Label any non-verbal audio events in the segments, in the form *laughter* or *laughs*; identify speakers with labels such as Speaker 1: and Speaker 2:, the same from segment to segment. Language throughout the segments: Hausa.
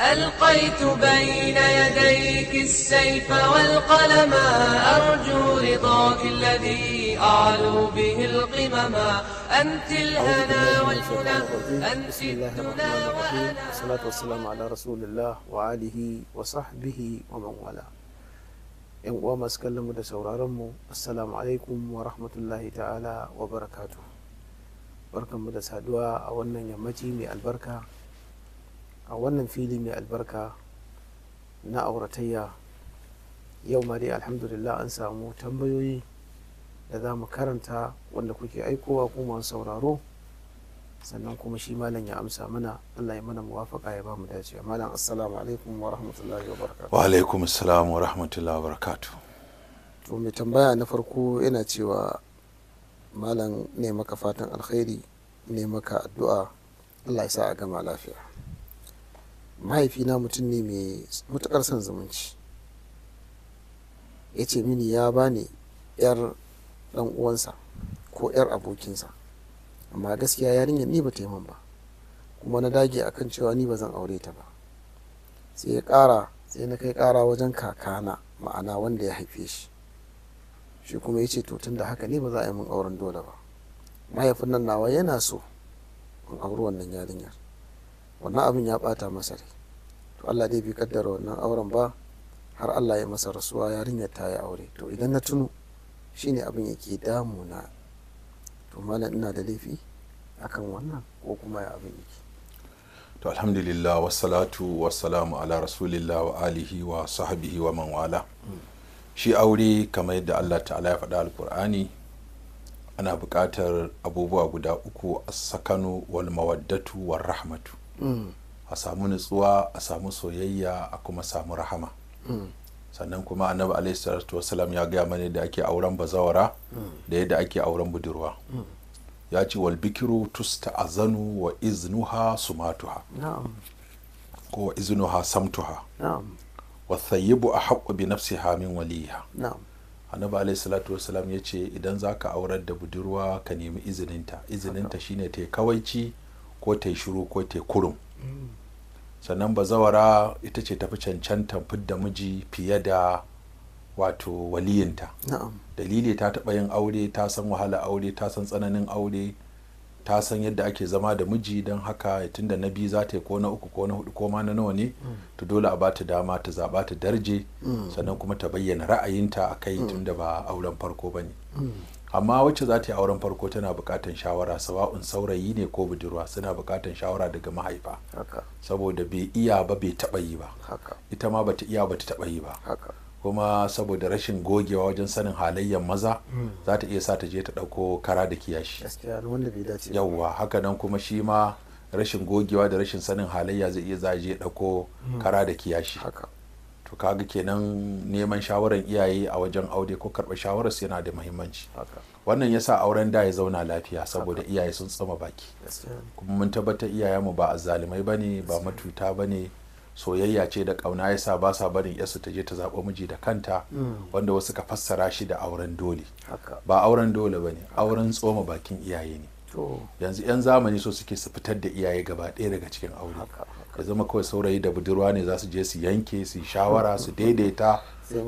Speaker 1: ألقيت بين يديك السيف والقلم أرجو رضاك الذي أعلو به القمم أنت الهنا والفنى أنت بسم وأنا الصلاة والصلاة والسلام على رسول الله وآله وصحبه ومن والاه ‘Yan uwa masu kallon mu da sauraron mu, Assalamu alaikum wa rahmatullahi ta'ala wa barakatu. Barkanmu da saduwa a wannan yammaci mai albarka a wannan fili mai albarka na auratayya yau ma dai alhamdulillah an samu tambayoyi da za mu karanta wanda kuke aikowa ko masu sauraro sannan kuma shi malam ya amsa mana Allah ya mana muwafaka ya ba mu dace malam
Speaker 2: assalamu alaikum wa rahmatullahi wa barakatuh wa alaikum assalam wa rahmatullahi wa barakatuh
Speaker 1: to mai tambaya na farko yana cewa malam ne maka fatan alkhairi ne maka addu'a Allah ya sa a gama lafiya mahaifina mutum ne mai matuƙar son zumunci ya ce mini ya bani yar ɗan uwansa ko yar abokinsa amma gaskiya yarinyar ni ba man ba kuma na dage akan cewa ni ba zan aure ta ba sai ya kara sai na kai kara wajen kakana ma'ana wanda ya haife shi shi kuma ya ce to tun da haka ne ba za a yi min auren dole ba mahaifin nan nawa yana so in auri wannan yarinyar wannan abin ya bata masa rai to Allah dai bai kaddara wannan auren ba har Allah ya masa rasuwa yarinyar ta yi aure to idan na tuno shine abin yake damuna to malam ina da laifi akan wannan ko kuma ya abin yake
Speaker 2: to alhamdulillah wassalatu wassalamu ala rasulillah wa alihi wa sahbihi wa man wala shi aure kamar yadda Allah ta'ala ya faɗa alkur'ani ana buƙatar abubuwa guda uku a sakanu wal mawaddatu war rahmatu a samu nutsuwa a samu soyayya a kuma samu rahama sannan kuma annabi alaihissalatu ya gaya mana da ake auren bazawara da yadda ake auren budurwa ya ce wal bikiru tusta azanu wa iznuha sumatuha ko wa iznuha samtuha wa thayyibu a haƙƙo bi nafsi hamin waliha annabi alaihi salatu ya ce idan za ka aurar da budurwa ka nemi izininta izininta shine ta kawaici ko ta yi shiru ko ta yi kurum mm. sannan bazawara ita ce tafi fit da miji fiye da wato waliyinta dalili ta taɓa yin aure ta san wahala aure ta san tsananin aure ta san yadda ake zama da miji don haka tunda na biyu za ta yi ko na uku ko na hudu ko ma na nawa ne mm. to dole a bata dama ta zaba ta darje mm. sannan kuma ta bayyana ra'ayinta a kai tunda ba auren farko ba ne amma wacce za ta yi auren farko tana bukatan shawara sawa'un saurayi ne ko budurwa suna bukatan shawara daga mahaifa saboda bai iya ba bai taɓa yi ba ita ma bata iya bata taɓa yi ba kuma saboda rashin gogewa wajen sanin halayyar maza hmm. za ta iya sa ta je ta ɗauko kara da kiyashi yauwa haka nan kuma shi ma rashin gogewa da rashin sanin halayya zai iya za je ɗauko hmm. kara da kiyashi to kaga kenan neman shawarar iyaye a wajen aure ko karɓar shawarar yana da muhimmanci wannan yasa auren da ya zauna lafiya saboda iyaye sun tsama baki kuma mun tabbata iyayenmu ba azzalumai bane ba matuta bane soyayya ce da kauna yasa ba sa barin yasu ta je ta zaɓa miji da kanta mm. wanda wasu ka fassara shi da auren dole ba auren dole bane auren tsoma bakin iyaye ne yanzu 'yan zamani so suke su fitar da iyaye gaba ɗaya daga cikin aure ya zama kawai saurayi da budurwa ne za su je su yanke su shawara su daidaita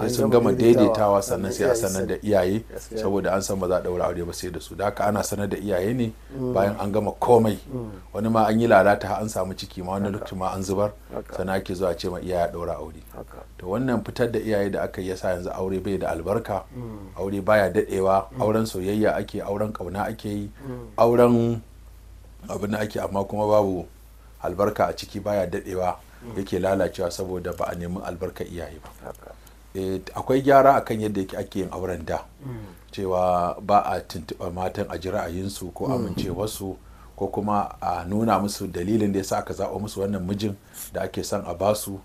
Speaker 2: sai sun gama daidaitawa sannan sai a sanar da iyaye saboda an san ba za a daura aure ba sai da su da haka ana sanar da iyaye ne mm. bayan an gama komai mm. wani ma an yi lalata an samu ciki ma wani lokacin ma an zubar sannan ake zuwa ce ma iyaye daura aure to wannan fitar da iyaye da aka yi yasa yanzu aure bai da albarka mm. aure baya dadewa auren soyayya ake auren kauna ake yi auren abin da ake amma kuma babu albarka a ciki baya dadewa yake lalacewa saboda ba a nemi albarka iyaye ba eh, akwai gyara akan yadda yake ake yin auren da mm. cewa ba a tuntuɓa matan a ji ra'ayinsu ko mm. amincewarsu ko kuma a nuna musu dalilin da ya sa aka zaɓa musu wannan mijin da ake son a basu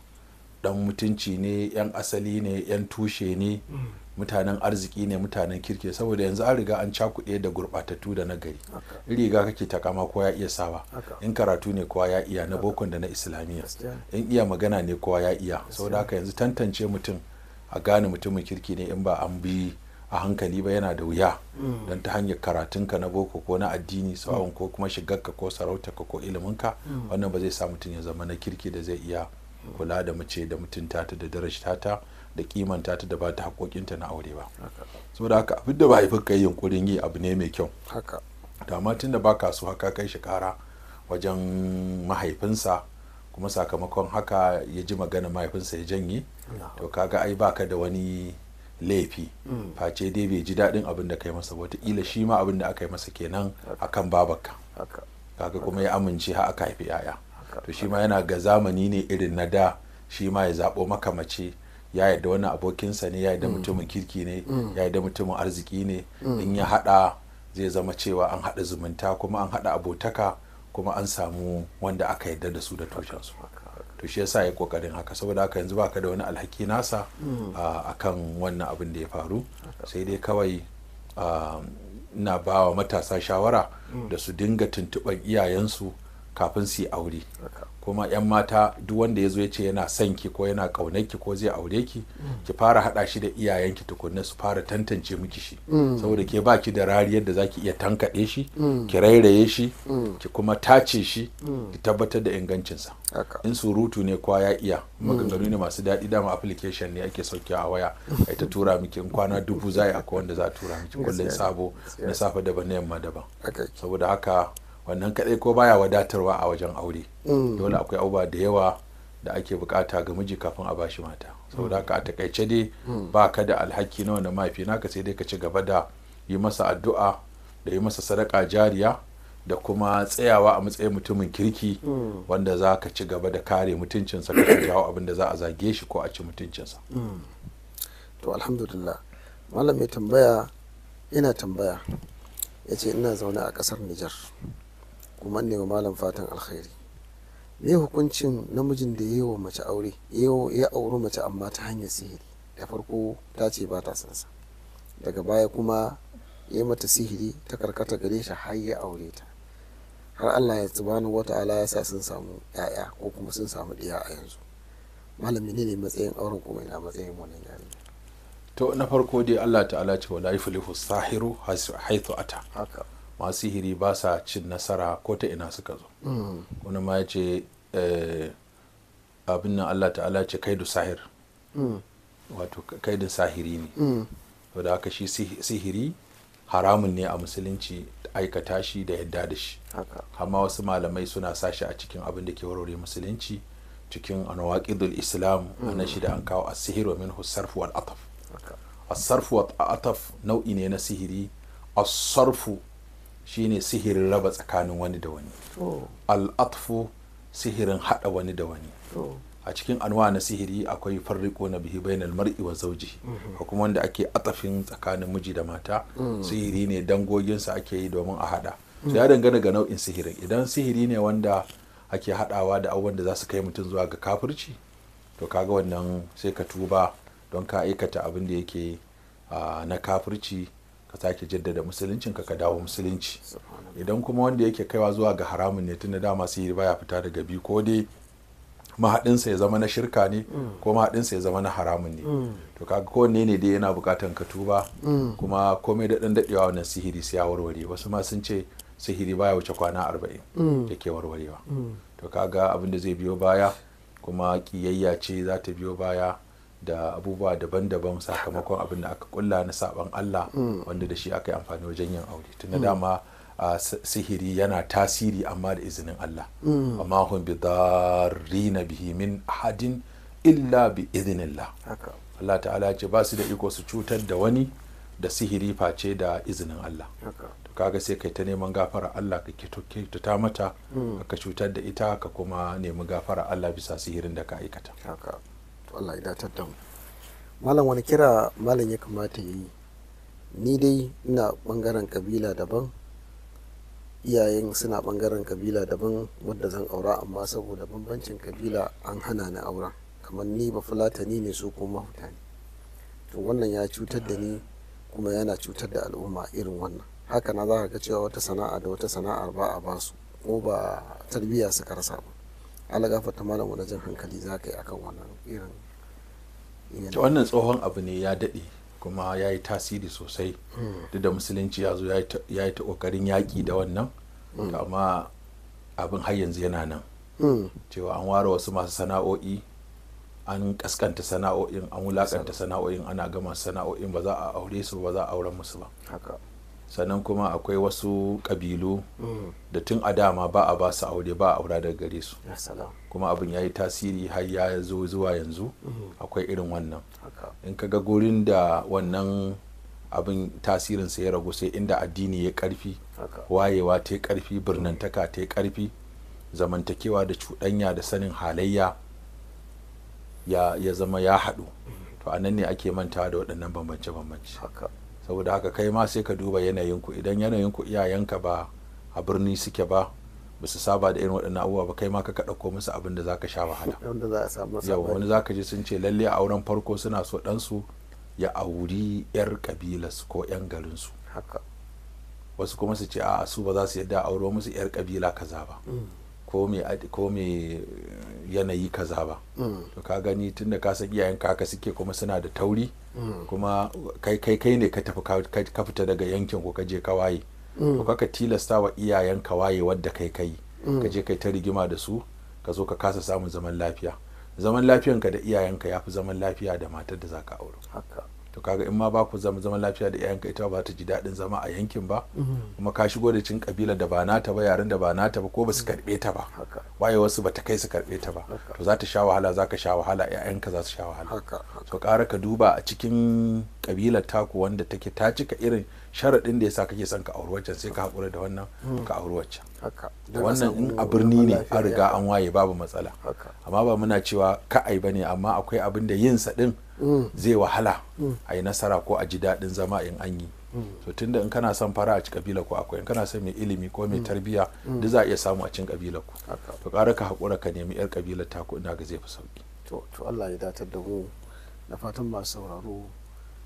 Speaker 2: dan mutunci ne yan asali ne yan tushe ne mutanen arziki ne mutanen kirki saboda yanzu an riga an cakuɗe da gurɓatattu da nagari gari riga kake takama kowa ya iya sawa in karatu ne kowa ya iya na bokon da na islamiyya in iya magana ne kowa ya iya saboda haka yanzu tantance mutum a gane mutumin kirki ne in ba an bi a hankali ba yana da wuya mm. don ta hanyar karatunka na boko ko na addini sawon mm. ko kuma shigarka ko sarautarka ko iliminka mm. wannan ba zai sa mutum ya zama na kirki da zai iya kula da mace da mutunta ta da darajta ta da kimanta ta da ba ta haƙoƙinta na aure ba saboda haka abin da ba fuka yin yunkurin yi abu ne mai kyau haka amma tun da baka so haka kai shi kara wajen mahaifinsa kuma sakamakon haka ya ji magana mahaifinsa ya janye to kaga ai baka da wani laifi mm. face dai bai ji daɗin abin da kai masa wataƙila shi ma abin da aka yi masa kenan akan babarka kaga kuma ya amince har aka haifi 'ya'ya to shi ma yana ga zamani ne irin na da shi ma ya zaɓo maka mace ya da wani abokinsa ne ya da mm. mutumin kirki ne mm. ya da mutumin arziki ne mm. in ya haɗa zai zama cewa an haɗa zumunta kuma an haɗa abotaka kuma an samu wanda aka yarda da su da tushensu to shi yasa ya kokarin haka saboda haka yanzu baka da wani alhaki nasa akan wannan abin da ya faru sai dai kawai na bawa matasa shawara da su dinga tuntuɓar iyayensu kafin su yi aure kuma yan mata duk wanda ya zo ya ce yana son ki ko yana ƙaunar ki ko zai aure ki mm. ki fara haɗa shi da iyayenki ki tukunna su fara tantance miki shi mm. saboda ke ba ki da rariyar da zaki iya tankaɗe shi mm. ki rairaye shi ki kuma tace shi ki tabbatar da ingancinsa in surutu ne kwa ya iya maganganu ne masu daɗi dama application ne ake sauke a waya ai ta tura miki in kwana dubu za a akwai wanda za tura miki kullum sabo na safe daban na yamma daban saboda haka wannan kadai ko baya wadatarwa a wajen aure mm. dole akwai abubuwa da yawa da ake bukata ga miji kafin a bashi mata saboda haka a takaice dai mm. ba ka da alhaki na wanda mafi naka sai dai ka ci gaba da yi masa addu'a da yi masa sadaka jariya da kuma tsayawa a matsayin mutumin kirki mm. wanda za ka ci gaba da kare mutuncinsa ka jawo abin da za a zage shi ko a ci mutuncinsa to alhamdulillah
Speaker 1: malam mai tambaya ina tambaya ya ce ina zaune a kasar Nijar. kuma ne wa malam fatan alkhairi me hukuncin namijin da yi wa mace aure ya auri mace amma ta hanyar sihiri da farko ta ce ba ta sansa daga baya kuma ya mata sihiri ta karkata gare shi har ya aure ta har Allah ya wata ala ya sa sun samu yaya ko kuma sun samu ɗiya a yanzu malam ne ne matsayin auren kuma ina matsayin wannan yarinya
Speaker 2: to na farko dai Allah ta'ala ce wa wala yuflihu sahiru haithu ata masu hiri ba sa cin nasara ko ta ina suka zo mm. wani ma ya ce eh, abin nan allah ta'ala ce kaidu sahir mm. wato kaidin sahiri ne mm. da haka shi sihiri haramun ne a musulunci aikata shi da yadda da shi amma wasu malamai suna sa a cikin abin da ke warware musulunci cikin anwaqidul islam ana shi da an kawo a sihir wa min wal ataf A wa ataf nau'i ne na sihiri a sarfu shine sihirin raba tsakanin wani da wani al'atfu sihirin hada wani da wani a cikin anwa na sihiri akwai farriko na bihi bainal mar'i wa zauji ko kuma wanda ake atafin tsakanin miji da mata mm. sihiri ne dangoginsa ake yi domin a hada ya mm. dangana ga nau'in sihirin idan sihiri ne wanda ake hadawa da abubuwan da za su kai mutum zuwa ga kafirci to kaga wannan sai ka tuba don ka aikata abin da yake ah, na kafirci ka sake jaddada musuluncin ka ka dawo musulunci idan kuma wanda yake kaiwa zuwa ga haramun ne tun da dama sai baya fita daga bi ko dai mahaɗinsa ya zama na shirka ne ko mahaɗinsa ya zama na haramun ne to kaga kowanne ne dai yana bukatan ka tuba kuma komai da ɗan daɗewa wannan sihiri sai ya warware wasu ma sun ce sihiri baya wuce kwana arba'in yake warwarewa to kaga abin da zai biyo baya kuma kiyayya ce za ta biyo baya da abubuwa daban-daban sakamakon abin da aka kulla na saban Allah mm. wanda da shi aka yi amfani wajen yin aure tun mm. dama sihiri yana tasiri amma da izinin Allah mm. amma hun bi na bihi min ahadin illa bi izinillah Allah ta'ala ce ba su da iko su cutar da wani da sihiri face da izinin Allah kaga sai kai ta neman gafara Allah ka kituta mata ka cutar da ita ka kuma nemi gafara Allah bisa sihirin da ka aikata to Allah ya datar da mu
Speaker 1: malam wani kira malam ya kamata ya yi ni dai ina bangaren kabila daban iyayen suna bangaren kabila daban wadda zan aura amma saboda bambancin kabila an hana ni aura kamar ni ba fulatani ne su kuma mahuta ne to wannan ya cutar da ni kuma yana cutar da al'umma irin wannan haka na za ka ga cewa wata sana'a da wata sana'ar ba a basu ko ba tarbiyya suka rasa ba alagafa ta malam wani jan hankali za
Speaker 2: ka yi akan wannan irin wannan tsohon abu ne ya daɗe kuma ya yi tasiri sosai hmm. duk da musulunci ya zo ya yi ta ƙoƙarin yaƙi da wannan hmm. amma abin har yanzu yana nan hmm. cewa an ware wasu masu sana'o'i an kaskanta sana'o'in an wulakanta sana'o'in ana gama sana'o'in ba za a aure su ba za a auren musu ba sannan kuma akwai wasu ƙabilu mm. da tun a dama ba a basu aure ba a aura daga gare su kuma abin ya yi tasiri har ya zo zuwa yanzu mm. akwai irin wannan in ka ga gurin da wannan abin tasirinsa ya ragu sai inda addini ya karfi wayewa ta karfi birnantaka ta karfi zamantakewa da cuɗanya da sanin halayya ya zama ya haɗu mm. to a nan ne ake mantawa da waɗannan bambance-bambance saboda haka kai ma sai ka duba yanayin ku. idan yanayin yanayinku iyayenka ba a birni suke ba ba su saba da irin waɗannan abubuwa ba kai ma ka ɗauko musu abin da za ka sha wahala *laughs* yau wani ka ji sun ce lalle a auren farko suna so ɗansu ya auri 'yar kabilarsu ko 'yan garinsu wasu kuma su ce a su ba za su yadda auro musu 'yar kabila kaza ba mm. ko mai eh, yanayi kaza ba mm. to ka gani tunda ka san iyayen kaka suke kuma suna da tauri mm. kuma kai kai kai ne ka tafi ka fita daga yankin ko ka je ka waye mm. to kaka tilasta wa iyayen ka waye wadda kai kai ka je kai ta rigima da su ka zo ka kasa samun zaman lafiya zaman lafiyanka da iyayenka ya fi zaman lafiya da matar da za ka aure to kaga in ma ba ku zama zaman lafiya da iyayenka ita ba ta ji daɗin zama a yankin ba mhm. kuma ka shigo da cin kabila da ba nata ba yaren da ba nata ba ko ba su mhm. karɓe ta ba waye wasu ba ta kai su karɓe ta ba to za ta sha wahala za ka sha wahala iyayenka za su sha wahala to ƙara ka duba a cikin kabilar taku wanda take ta cika irin sharaɗin da yasa kake son ka auri waccan sai ka haƙura da wannan mhm. ka auri waccan wannan in a birni ne an riga an waye babu matsala amma ba muna cewa ka'ai ne amma akwai abin da yin sa din zai wahala mm. a yi nasara ko a ji daɗin zama in an yi mm. so tunda in kana son fara a cikin kabila ku akwai in kana son mai ilimi ko mai mm. tarbiya. duk za a iya samu a cikin kabila ku to ƙara ka haƙura ka nemi yar kabila ta ku ina ga zai fi sauki
Speaker 1: to to Allah ya datar da mu na fatan masu sauraro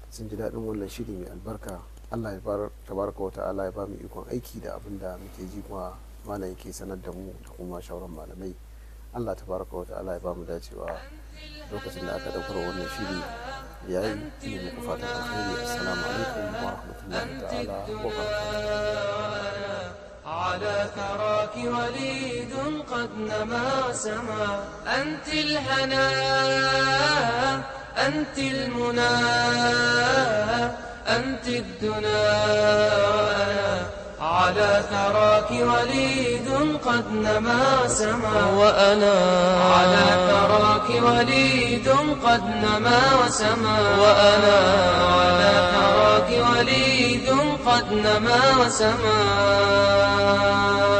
Speaker 1: sun ji daɗin wannan shiri mai albarka Allah ya bar tabaraka wa ta'ala ya ba mu ikon aiki da abin da muke ji kuma malam yake sanar da mu da kuma shauran malamai الله تبارك وتعالى يبارك لنا جوا لوكس إن أكاد أقرأ ونشيلي يعي في مكفات الأخير السلام
Speaker 2: عليكم ورحمة الله تعالى
Speaker 1: وبركاته على ثراك وليد قد نما سما أنت الهنا أنت المنا أنت الدنا ثراك وليد قد نما سما وأنا على ثراك وليد قد نما سما وأنا على ثراك وليد قد نما سما